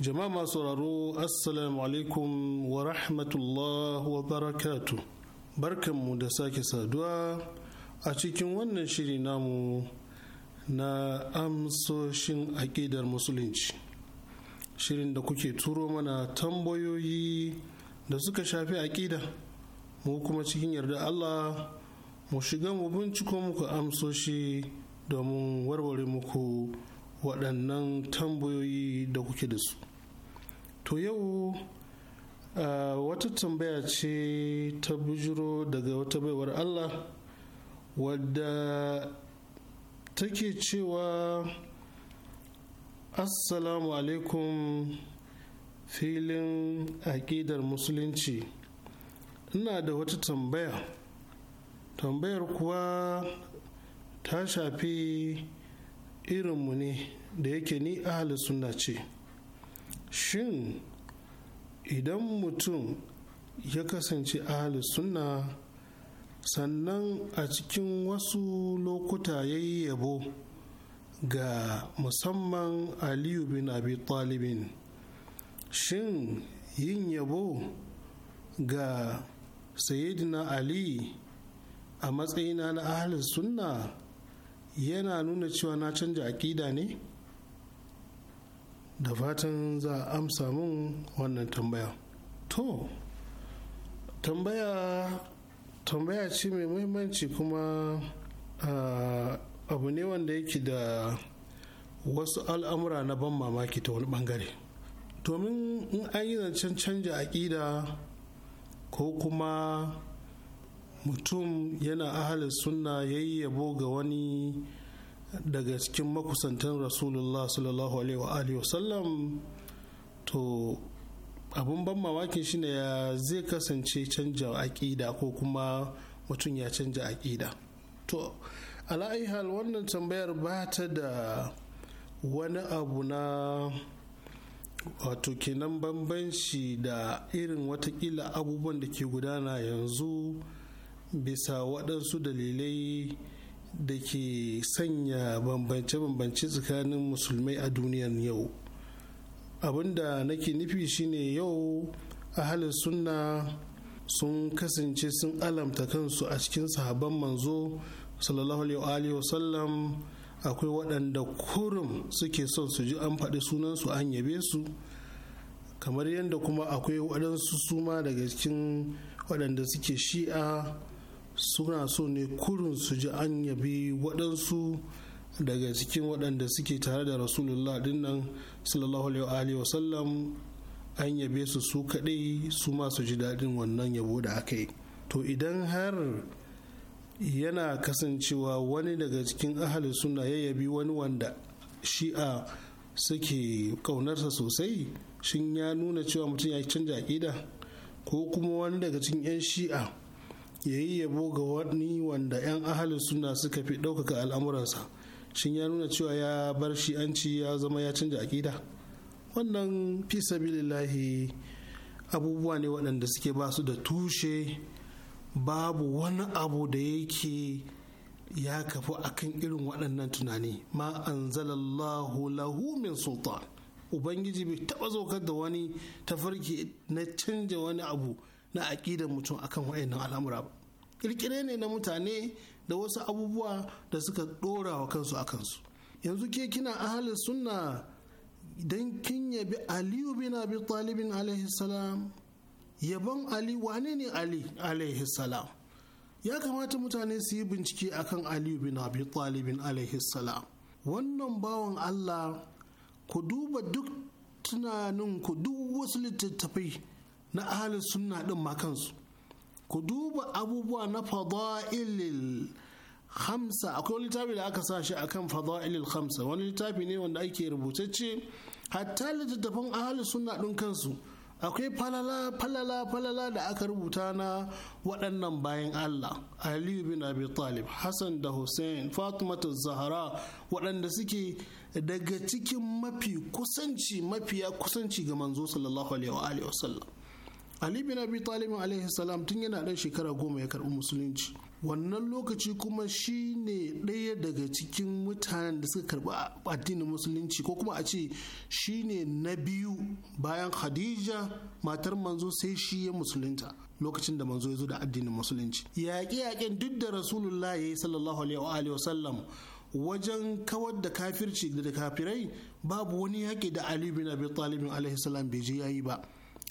jama'a masu sauraro assalamu alaikum wa rahmatullah wa barakatu barkanmu da sake saduwa a cikin wannan shiri namu na amsoshin aƙidar musulunci shirin da kuke turo mana tambayoyi da suka shafi aƙida mu kuma cikin yarda allah mu shiga mu binciko muku amsoshi domin warware muku waɗannan tambayoyi da kuke da su to yau wata tambaya ce ta bujiro daga wata baiwar allah wadda take cewa assalamu alaikum filin aƙidar musulunci ina da wata tambaya tambayar kuwa ta shafi irinmu ne da yake ni ahli sunna ce shin idan mutum ya kasance ahalus sunna sannan a cikin wasu lokuta ya yi yabo ga musamman aliyu bin abi talibin shin yin yabo ga sayyidina ali a matsayina na ahalus sunna yana nuna cewa na canja aƙida ne? da fatan za a amsa mun wannan tambaya to tambaya tambaya ce mai muhimmanci kuma abu ne wanda yake da wasu al'amura na ban mamaki ta wani bangare domin in an yi zancen canja aƙida ko kuma mutum yana ahalin sunna yayyabo ga wani daga cikin makusantan rasulullah sallallahu alaihi wa sallam to abun ban mamakin ne ya zai kasance canja aƙida ko kuma mutum ya canja aƙida to ala'ihal wannan tambayar ba ta da wani abu na wato kenan bambanci da irin watakila abubuwan da ke gudana yanzu bisa waɗansu dalilai da ke sanya bambance-bambance tsakanin musulmai a duniyar yau abinda nake nufi shine yau halin sunna sun kasance sun alamta kansu a cikin sahaban manzo sallallahu alaihi wasallam akwai waɗanda kurum suke son su ji an faɗi sunansu an yabe su kamar yadda kuma akwai waɗansu suma daga cikin waɗanda suke shi'a suna so ne kurin su ji an yabi waɗansu daga cikin waɗanda suke tare da rasulullah dinnan sallallahu alaihi sallam an yabe su su kaɗai su masu ji daɗin wannan yabo da aka yi to idan har yana kasancewa wani daga cikin ahalin suna ya yabi wani wanda shi'a suke ƙaunarsa sosai shin ya nuna cewa mutum ya canja aƙida ko kuma wani daga cikin 'yan shi'a ya yi yabo ga wani wanda 'yan ahalin suna suka fi ɗaukaka al'amuransa shin ya nuna cewa ya bar shi an ci ya zama ya canja aƙida wannan fi sabilillahi abubuwa ne waɗanda suke ba su da tushe babu wani abu da yake ya kafu akan irin waɗannan tunani ma an lahu min sultan ubangiji bai taɓa zaukar da wani tafarki na canja wani abu na aƙidar mutum akan waɗannan al'amura ba kirkire ne na mutane da wasu abubuwa da suka dora wa kansu a kansu yanzu ke kina ahalin sunna don kin yabi aliyu bin abi talibin alaihi salam yabon ali wane ne ali alaihi salam ya kamata mutane su yi bincike akan aliyu bin abi talibin alaihi salam wannan bawan allah ku duba duk tunanin ku duk wasu littattafai na ahalin sunna din ma kansu ku duba abubuwa na fada'ilil hamsa akwai wani littafi da aka sa shi akan fada'ilil hamsa wani littafi ne wanda ake rubutacce hatta littattafan ahalin suna ɗin kansu akwai falala falala falala da aka rubuta na waɗannan bayan Allah Aliyu bin Abi Talib Hassan da Hussein Fatimatu Zahara waɗanda suke daga cikin mafi kusanci mafiya kusanci ga manzo sallallahu alaihi wa sallam ali bin abi talib alaihi salam tun yana dan shekara goma ya karbi musulunci wannan lokaci kuma shi ne ɗaya daga cikin mutanen da suka karbi addinin musulunci ko kuma a ce shi ne na biyu bayan khadija matar manzo sai shi ya musulunta lokacin da manzo ya zo da addinin musulunci yaƙe-yaƙen duk da rasulullah ya yi sallallahu alaihi wa sallam wajen kawar da kafirci da kafirai babu wani yaƙi da ali bin abi talibin alaihi salam bai je ya yi ba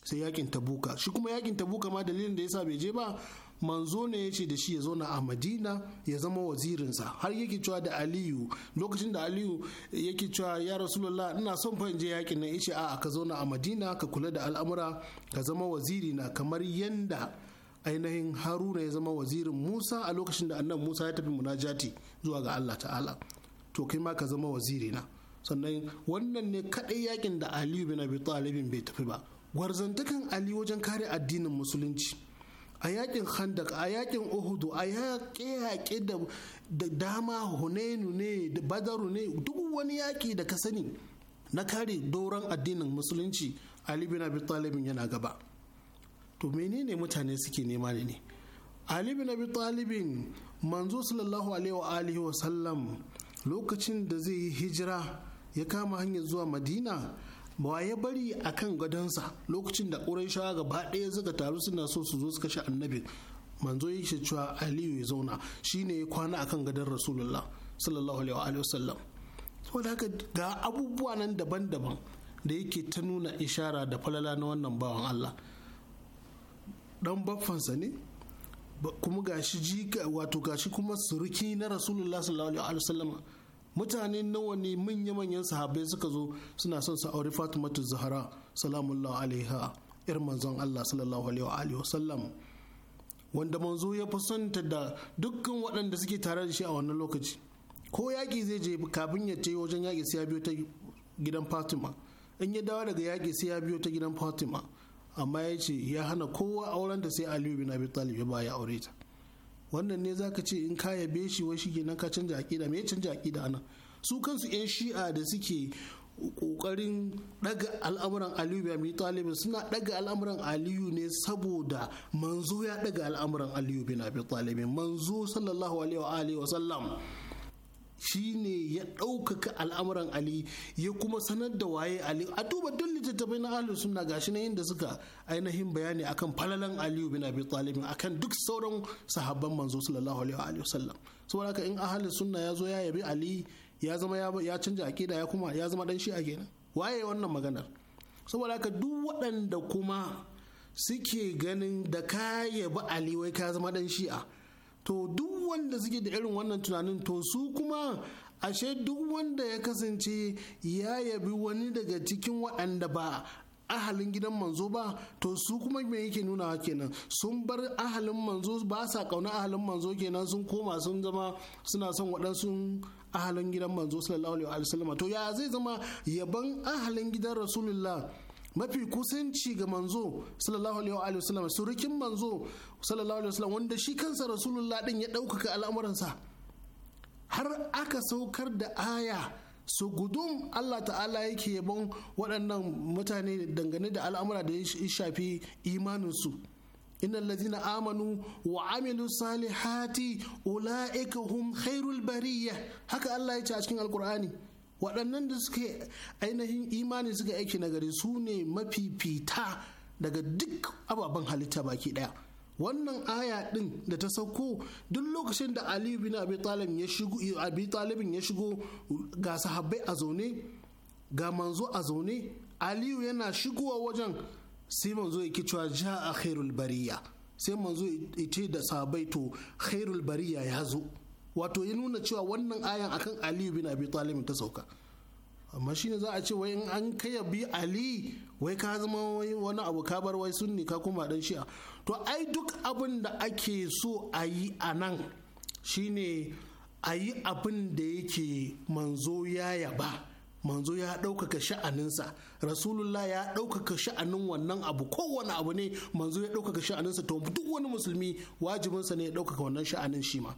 sai yakin tabuka shi kuma yakin tabuka ma dalilin da yasa bai je ba manzo ne ya ce da shi ya zauna a madina ya zama wazirinsa har yake cewa da aliyu lokacin da aliyu yake cewa ya rasulullah ina son fa je yakin nan yace a'a ka zauna a madina ka kula da al'amura ka zama waziri na kamar yanda ainihin haruna ya zama wazirin musa a lokacin da annan musa ya tafi munajati zuwa ga allah ta'ala to kai ma ka zama waziri na sannan wannan ne kaɗai yakin da aliyu bin abi talibin bai tafi ba gwarzantakan ali wajen kare addinin musulunci a yakin handak a yakin uhudu a yaƙe-yaƙe da dama hunainu ne da badaru ne duk wani yaƙi da ka sani na kare doron addinin musulunci ali bin abi talibin yana gaba to menene mutane suke nema ne ali bin abi talibin manzo sallallahu alaihi wa alihi wa sallam lokacin da zai yi hijira ya kama hanyar zuwa madina ba ya bari a kan gadonsa lokacin da shawa gaba ɗaya suka taru suna so su zo su kashe annabin manzo ya ce cewa aliyu ya zauna shine ya kwana akan gadon rasulullah sallallahu alaihi wa sallam saboda haka ga abubuwa nan daban-daban da yake ta nuna ishara da falala na wannan bawan Allah dan baffansa ne kuma gashi ji wato gashi kuma suruki na rasulullah sallallahu alaihi wa sallam mutane nawa ne manya-manyan sahabai suka zo suna son su aure fatimatu zahara salamullah alaiha yar manzon allah sallallahu alaihi wa sallam wanda manzo ya fi sonta da dukkan waɗanda suke tare da shi a wannan lokaci ko yaƙi zai je kafin ya ce wajen yaƙi sai ya biyo ta gidan fatima in ya dawo daga yaƙi sai ya biyo ta gidan fatima amma ya ce ya hana kowa auren da sai aliyu bin abi talib ya baya aure ta wannan ne zaka ce in ka yabe shi wai shi nan ka canja aƙida me ya canja aƙida anan su kansu 'yan shi'a da suke kokarin daga al'amuran aliyu bai mai talibin suna daga al'amuran aliyu ne saboda manzo ya daga al'amuran aliyu bin abi talibin manzo sallallahu alaihi wa alihi wa sallam Shi ne ya ɗaukaka al'amuran ali ya kuma sanar da waye ali a duba duk littattafai na ahlus sunna gashi na yadda suka ainihin bayani akan falalan aliyu bin abi talib akan duk sauran sahabban manzo sallallahu alaihi wa sallam saboda haka in ahlus sunna ya zo ya yabi ali ya zama ya canja akida ya kuma ya zama dan shi'a kenan waye wannan maganar saboda haka duk waɗanda kuma suke ganin da ka yabi ali wai ka zama dan shi'a to duk wanda suke da irin wannan tunanin to su kuma ashe duk wanda ya kasance ya yabi wani daga cikin waɗanda ba ahalin gidan manzo ba to su kuma me yake nunawa kenan sun bar ahalin manzo ba sa kauna ahalin manzo kenan sun koma sun zama suna son waɗansu ahalin gidan manzo sallallahu alaihi wasallam to ya zai zama yaban ahalin gidan rasulullah mafi kusanci ga manzo sallallahu alaihi wa sallam surukin manzo sallallahu alaihi wa sallam wanda shi kansa rasulullah din ya ɗaukaka al'amuransa har aka saukar da aya su gudun Allah ta'ala yake yabon waɗannan mutane dangane da al'amura da ya shafi imaninsu Inna allazina amanu wa amilu salihati ula'ika hum khairul bariya haka Allah ya ce a cikin alkur'ani waɗannan da suke ainihin imani suka aiki na gari su ne mafifita daga duk ababen halitta baki ɗaya wannan aya ɗin da ta sauko duk lokacin da aliyu bin abi talibin ya shigo ga sahabbai a zaune ga manzo a zaune aliyu yana shigowa wajen sai manzo ya kicewa ja a khairul bariya sai manzo ya ce da sabai to khairul bariya ya zo wato ya nuna cewa wannan ayan akan aliyu bin abi talibin ta sauka amma shine za a ce wai in an kaya bi ali wai ka zama wai wani abu ka bar wai sunni ka kuma dan shi'a to ai duk abin da ake so a yi a nan shine a yi abin da yake manzo ya yaba manzo ya ɗaukaka sha'aninsa rasulullah ya ɗaukaka sha'anin wannan abu kowane abu ne manzo ya ɗaukaka sha'aninsa to duk wani musulmi wajibinsa ne ya ɗaukaka wannan sha'anin shi ma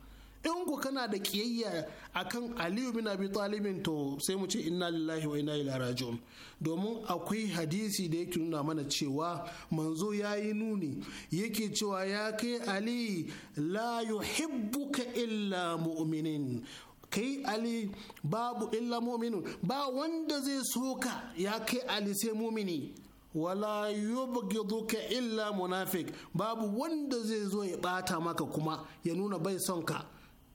in ku kana da kiyayya kan aliyu bin abi talibin to sai mu ce inna lillahi wa inna ilaihi raji'un domin akwai hadisi da yake nuna mana cewa manzo yayi nuni yake cewa ya kai ali la yuhibbuka illa mu'minin kai ali babu illa mu'minun ba wanda zai soka ya kai ali sai mumini wala yubghiduka illa munafik babu wanda zai zo ya bata maka kuma ya nuna bai son ka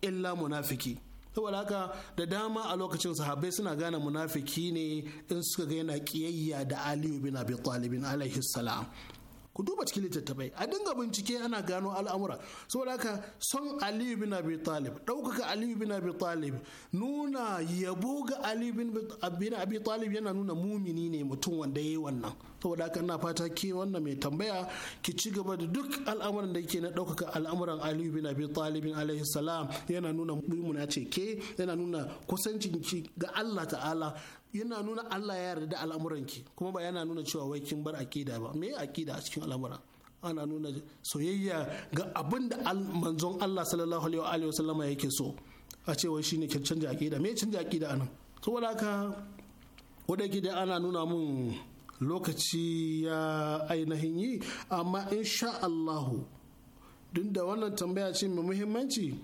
illa munafiki saboda haka da dama a lokacin sahabbai suna gane munafiki ne in suka ga yana kiyayya da aliyu bin abi talibin alaihi salam ku duba cikin littattafai a dinga bincike ana gano al'amura saboda haka son aliyu bin abi talib ɗaukaka aliyu bin abi talib nuna yabo ga aliyu bin abi talib yana nuna mumini ne mutum wanda ya yi wannan saboda haka ina fata ke wannan mai tambaya ki ci gaba da duk al'amuran da yake na ɗaukaka al'amuran aliyu bin abi talib alaihi salam yana nuna mumina ce ke yana nuna kusancin ga allah ta'ala yana nuna Allah ya yarda da al'amuranki kuma ba yana nuna cewa wai kin bar akida ba me akida a cikin al'amura ana nuna soyayya ga abin da manzon Allah sallallahu alaihi wa sallama yake so a cewa shine kin canja akida me canja akida anan saboda haka wadda ke ana nuna mun lokaci ya ainihin yi amma insha Allahu duk da wannan tambaya ce mai muhimmanci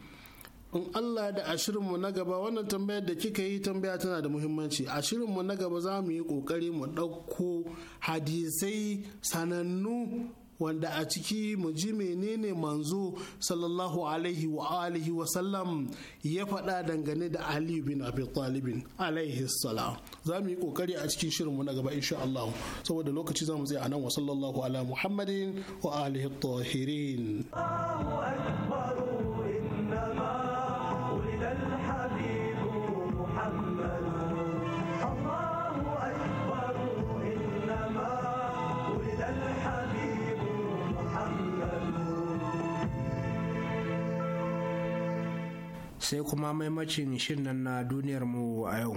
in Allah da ashirinmu na gaba wannan tambayar da kika yi tambaya tana da muhimmanci ashirinmu na gaba za mu yi kokari mu ɗauko hadisai sanannu wanda a ciki mu ji menene manzo sallallahu alaihi wa alihi wa sallam ya faɗa dangane da Ali bin Abi Talibin alaihi salam za mu yi kokari a cikin shirin mu na gaba insha Allah saboda lokaci za mu tsaya anan wa sallallahu ala Muhammadin wa alihi tahirin sai kuma maimacin shin nan na mu a yau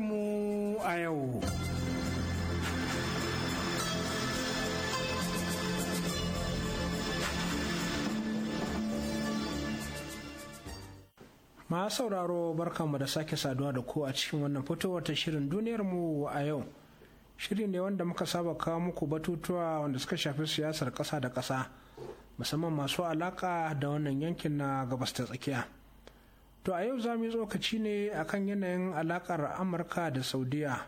mu a yau Ma sauraro barkanmu da sake saduwa da ku a cikin wannan fitowar ta shirin duniyarmu a yau. shiri ne wanda muka saba kawo muku batutuwa wanda suka shafi siyasar ƙasa da ƙasa musamman masu alaƙa da wannan yankin na gabas ta tsakiya to a yau za mu yi tsokaci ne akan yanayin alaƙar amurka da saudiya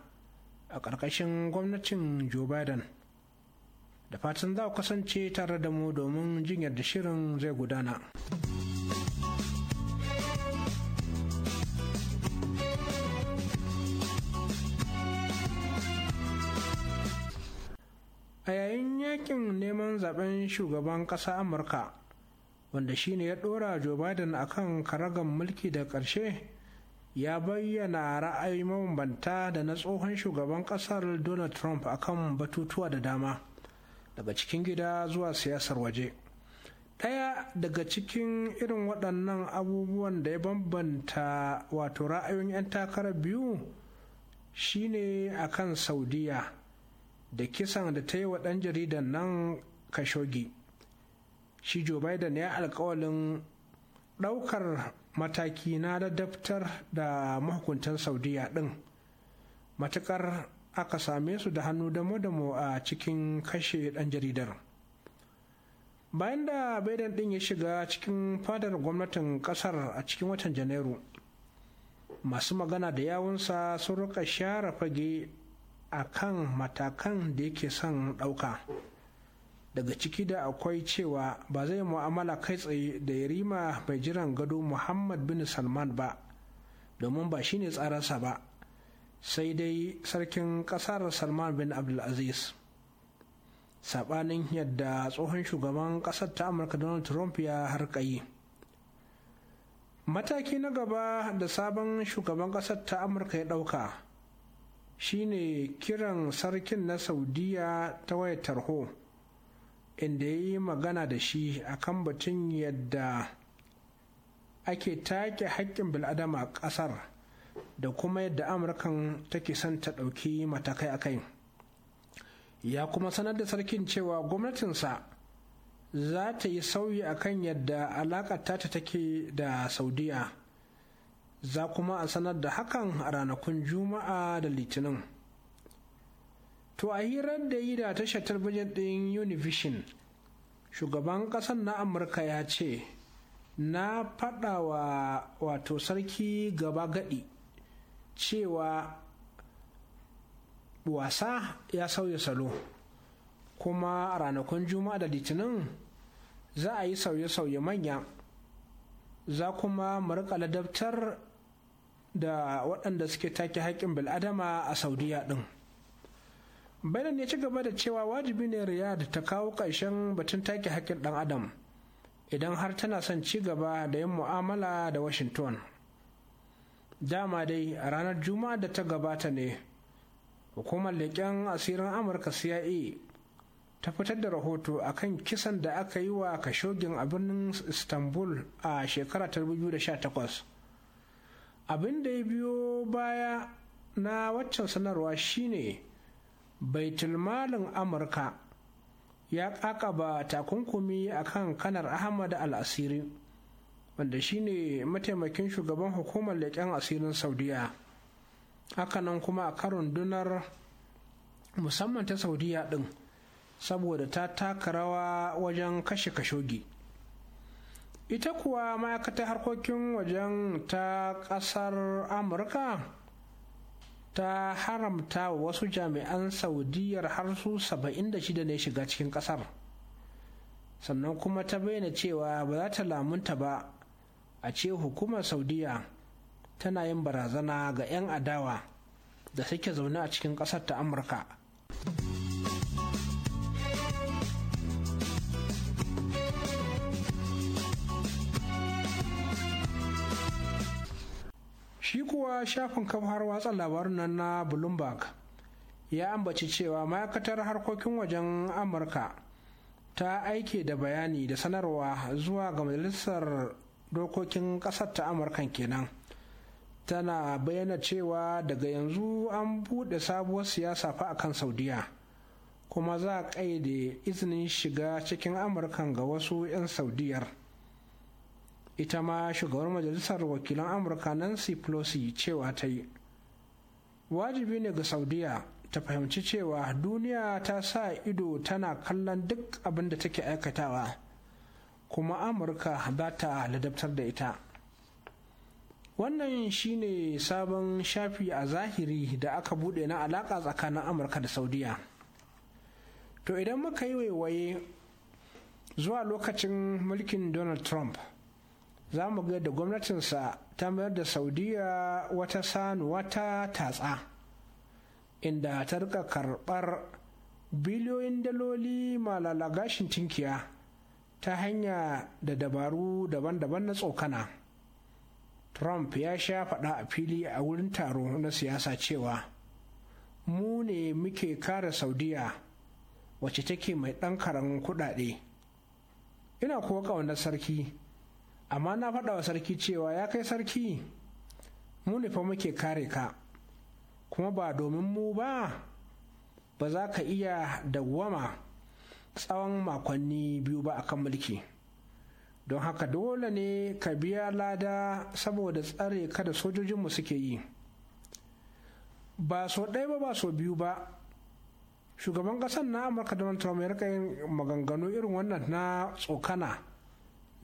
a ƙarƙashin gwamnatin joe biden da fatan za ku kasance tare da mu domin jin yadda shirin zai gudana. a yayin yakin neman zaben shugaban ƙasa amurka wanda shine ya ɗora joe biden kan karagan mulki da ƙarshe ya bayyana ra'ayi mabambanta da na tsohon shugaban ƙasar donald trump a kan batutuwa da dama daga cikin gida zuwa siyasar waje ɗaya daga cikin irin waɗannan abubuwan da ya bambanta wato ra'ayoyin 'yan takarar biyu shine akan saudiya da kisan da ta yi wa ɗan jaridan nan kashogi shi joe biden ya alkawalin ɗaukar mataki na ladabtar da mahukuntan saudiya ɗin matukar aka same su da hannu damo-damo a cikin kashe ɗan jaridar bayan da biden ɗin ya shiga cikin fadar gwamnatin ƙasar a cikin watan janairu masu magana da yawunsa sun rika share fage a kan matakan da yake son ɗauka daga ciki da akwai cewa ba zai mu'amala kai tsaye da yarima mai jiran gado muhammad bin salman ba domin ba shine tsararsa ba sai dai sarkin ƙasar salman bin abdulaziz saɓanin yadda tsohon shugaban ƙasar ta amurka donald trump ya harkayi mataki na gaba da sabon shugaban ƙasar ta amurka ya ɗauka shine kiran sarkin na saudiya ta wayar tarho inda ya yi magana da shi akan batun yadda ake take haƙƙin bil'adama a ƙasar da kuma yadda amurkan take son ta ɗauki matakai a kai ya kuma sanar da sarkin cewa gwamnatinsa za ta yi sauyi akan yadda alaƙar ta take da saudiya za kuma a sanar da hakan a ranakun juma'a da litinin to a hirar da yi da tashar talbijin ɗin univision shugaban ƙasar na amurka ya ce na faɗa wa wato sarki gaba gaɗi cewa wasa ya sauya salo kuma a ranakun juma'a da litinin za a yi sauye-sauye manya za kuma mu ladabtar da waɗanda suke take haƙƙin bil'adama a saudiya ɗin bayan ya ci gaba da cewa wajibi ne riyad ta kawo ƙarshen batun take haƙƙin ɗan adam idan har tana son ci gaba da yin mu'amala da washington dama dai a ranar juma'a da ta gabata ne hukumar leƙen asirin amurka cia ta fitar da rahoto a kan kisan da aka yi wa kashogin a birnin istanbul a shekara 2018 abin da ya biyo baya na waccan sanarwa shine baitulmalin amurka ya kakaba takunkumi a kan kanar ahmad al-asiri wanda shine mataimakin shugaban hukumar leƙen asirin saudiya hakanan kuma a karin dunar musamman ta saudiya ɗin saboda ta taka rawa wajen kashe kashogi ita kuwa ma'aikatar harkokin wajen ta ƙasar amurka ta haramta wa wasu jami'an saudiyar har su 76 ne shiga cikin ƙasar sannan kuma ta bayyana cewa ba za ta lamunta ba a ce hukumar saudiya tana yin barazana ga 'yan adawa da suke zaune a cikin ƙasar ta amurka. shi kuwa shafin kafar watsa labarun nan na bloomberg ya ambaci cewa ma'aikatar harkokin wajen amurka ta aike da bayani da sanarwa zuwa ga majalisar dokokin ƙasar ta amurkan kenan tana bayyana cewa daga yanzu an buɗe sabuwar siyasa fa akan saudiya kuma za a ƙaide izinin shiga cikin amurkan ga wasu 'yan saudiyar ita ma shugabar majalisar wakilan amurka nancy pelosi cewa ta yi wajibi ne ga saudiya ta fahimci cewa duniya ta sa ido tana kallon duk abin da take aikatawa kuma amurka za ta ladabtar da ita wannan shine sabon shafi a zahiri da aka bude na alaka tsakanin amurka da saudiya to idan muka yi waiwaye zuwa lokacin mulkin donald trump za mu ga da gwamnatinsa ta mayar da saudiya wata sanuwa ta tatsa inda ta rika karbar biliyoyin daloli malala gashin tinkiya ta hanya da dabaru daban-daban na tsokana trump ya sha faɗa a fili a wurin taro na siyasa cewa mu ne muke kare saudiya wacce take mai ɗan karamin kuɗaɗe ina kuwa ƙaunar sarki amma na faɗa wa sarki cewa ya kai sarki mu ne muke kare ka kuma ba domin mu ba ba za ka iya dawwama tsawon makonni biyu ba akan mulki don haka dole ne ka biya lada saboda tsare ka da sojojinmu suke yi ba so ɗaya ba ba so biyu ba shugaban ƙasar na amurka donald trump ya rika yin maganganu irin wannan na tsokana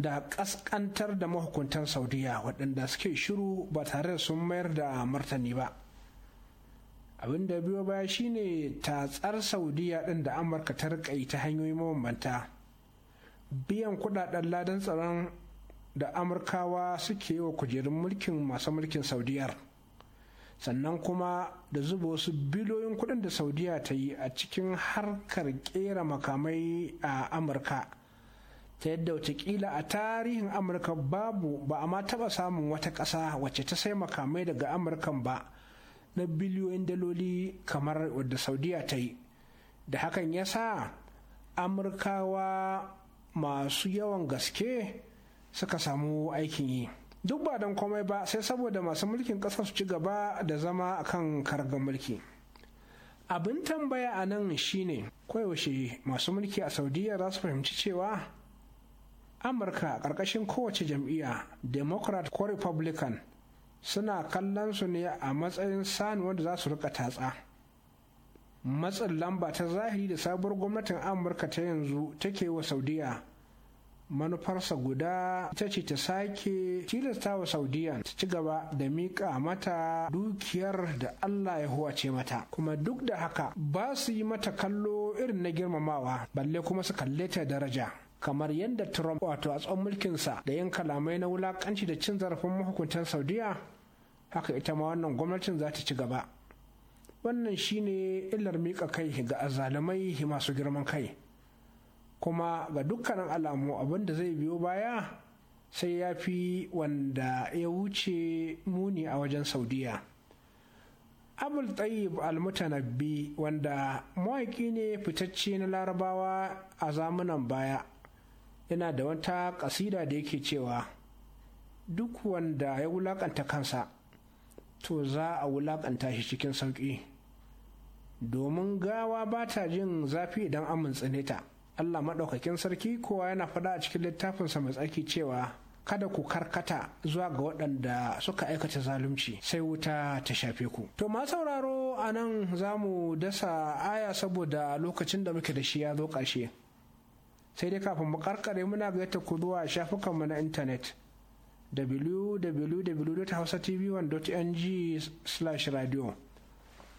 da kaskantar da mahukuntan saudiya waɗanda suke shiru ba tare da sun mayar da martani ba abin da biyo baya shine tatsar saudiya ɗin da amurka ta rikai ta hanyoyi mabambanta biyan kudaden ladan tsaron da amurkawa suke yi wa kujerun mulkin masu mulkin saudiyar sannan kuma da zuba wasu biloyin kudin da saudiya ta yi a cikin harkar kera makamai a amurka ta yadda watakila a tarihin amurka babu ba a ma taɓa samun wata ƙasa wacce ta sai makamai daga amurkan ba na biliyoyin daloli kamar wadda saudiya ta yi da hakan ya sa amurkawa masu yawan gaske suka samu aikin yi duk ba don komai ba sai saboda masu mulkin kasar su ci gaba da zama kan karga mulki abin tambaya a nan shine koyaushe masu mulki a saudiya za su fahimci cewa amurka ƙarƙashin kowace jam'iyya democrat ko republican suna kallon su ne a matsayin sani wanda za su rika tatsa matsin lamba ta zahiri da sabuwar gwamnatin amurka ta yanzu take wa saudiya manufarsa guda ita ce ta sake tilasta wa saudiya ta ci gaba da miƙa mata dukiyar da allah ya huwace mata kuma duk da haka ba su yi mata kallo irin na girmamawa balle kuma su kalle ta daraja kamar yadda Trump wato a tsawon mulkinsa da yin kalamai na wulakanci da cin zarafin mahukuntan Saudiya haka ita ma wannan gwamnatin za ta ci gaba. Wannan shine illar miƙa kai ga azzalumai masu girman kai. Kuma ga dukkanin alamu abin da zai biyo baya sai ya fi wanda ya wuce muni a wajen Saudiya. abul tsayib almutanabbi wanda mawaƙi ne fitacce na larabawa a zamunan baya yana da wata ƙasida da yake cewa duk wanda ya wulaƙanta kansa to za a wulakanta shi cikin sauƙi domin gawa ba ta jin zafi idan an tsine ta allah maɗaukakin sarki kowa yana faɗa a cikin littafinsa mai tsarki cewa kada ku karkata zuwa ga waɗanda suka aikata zalunci sai wuta ta shafe ku. To ma sauraro a nan za mu dasa aya saboda lokacin da muke da shi ya zo ƙarshe. sai dai kafin mu karkare muna ga ku zuwa shafukanmu na intanet www.hausatv1.ng/radio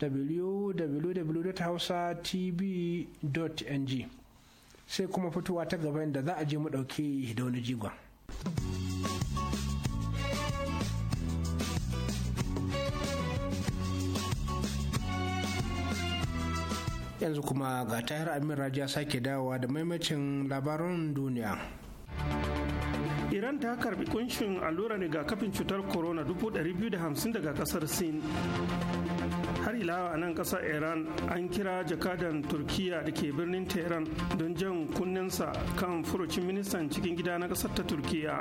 www.hausatv.ng sai kuma fitowa ta gaban da za a je mu ɗauki da wani jigon. yanzu kuma ga tahir amin rajiya sake dawowa da maimacin labaran duniya iran ta karbi kunshin allura ne ga kafin cutar corona 250 daga kasar sin har ila a nan kasar iran an kira jakadan turkiya da ke birnin tehran don jan kunninsa kan furucin ministan cikin gida na kasar ta turkiya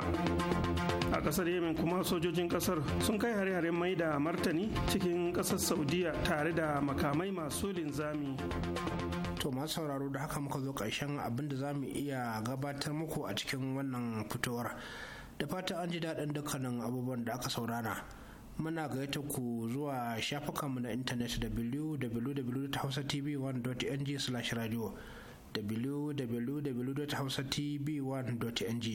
a ƙasar yemen kuma sojojin ƙasar sun kai hare-haren mai da martani cikin kasar saudiya tare da makamai masu linzami to masu sauraro da haka muka zo karshen abin da za mu iya gabatar muku a cikin wannan fitowar da fata an ji daɗin dukkanin abubuwan da aka saurara muna gaita ku zuwa shafukanmu na intanet www.hausatv1.ng/radio www.hausatv1.ng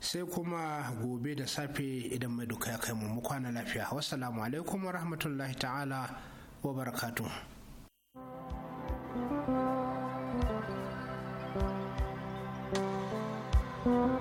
sai kuma gobe da safe idan mai duka ya kai mu kwana lafiya wassalamu alaikum wa rahmatullahi ta'ala wa barakatuh thank